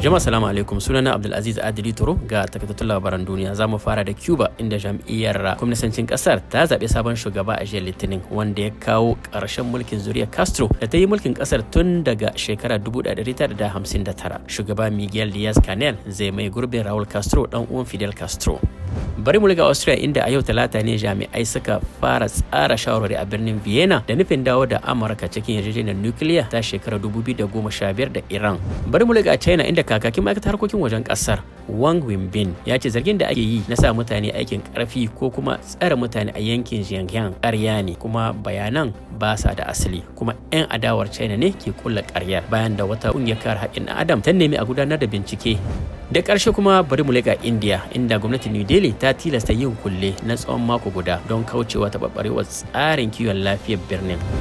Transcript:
Jama'a salamu alaikum sunana Abdulaziz Adili Toro ga takaitattun labaran duniya zamu fara da Cuba inda jam'iyyar kwamnasancin kasar ta zaɓi sabon shugaba a jiya Litinin wanda ya kawo ƙarshen mulkin zuriya Castro da ta yi mulkin kasar tun daga shekara 1959. Shugaba Miguel Diaz-Canel zai mai gurbin Raul Castro dan uwan Fidel Castro. bari mu riga austria inda a yau talata ne jami'ai suka fara tsara shawarwari a birnin vienna da nufin dawo da amurka cikin yarjejeniyar nukiliya ta shekarar 2015 da iran bari mu riga china inda kakakin ma'aikatar harkokin wajen kasar wang winbin ya ce zargin da ake yi na sa mutane aikin karfi ko kuma tsare mutane a yankin jiangyan ƙarya ne kuma bayanan ba sa da asali kuma 'yan adawar china ne ke kulla ƙaryar bayan da wata ƙungiyar kare haƙƙin adam ta nemi a gudanar da bincike da ƙarshe kuma bari mu leƙa india inda gwamnatin new delhi ta tilasta yin kulle na tsawon mako guda don kaucewa taɓarɓarewar tsarin kiwon lafiyar birnin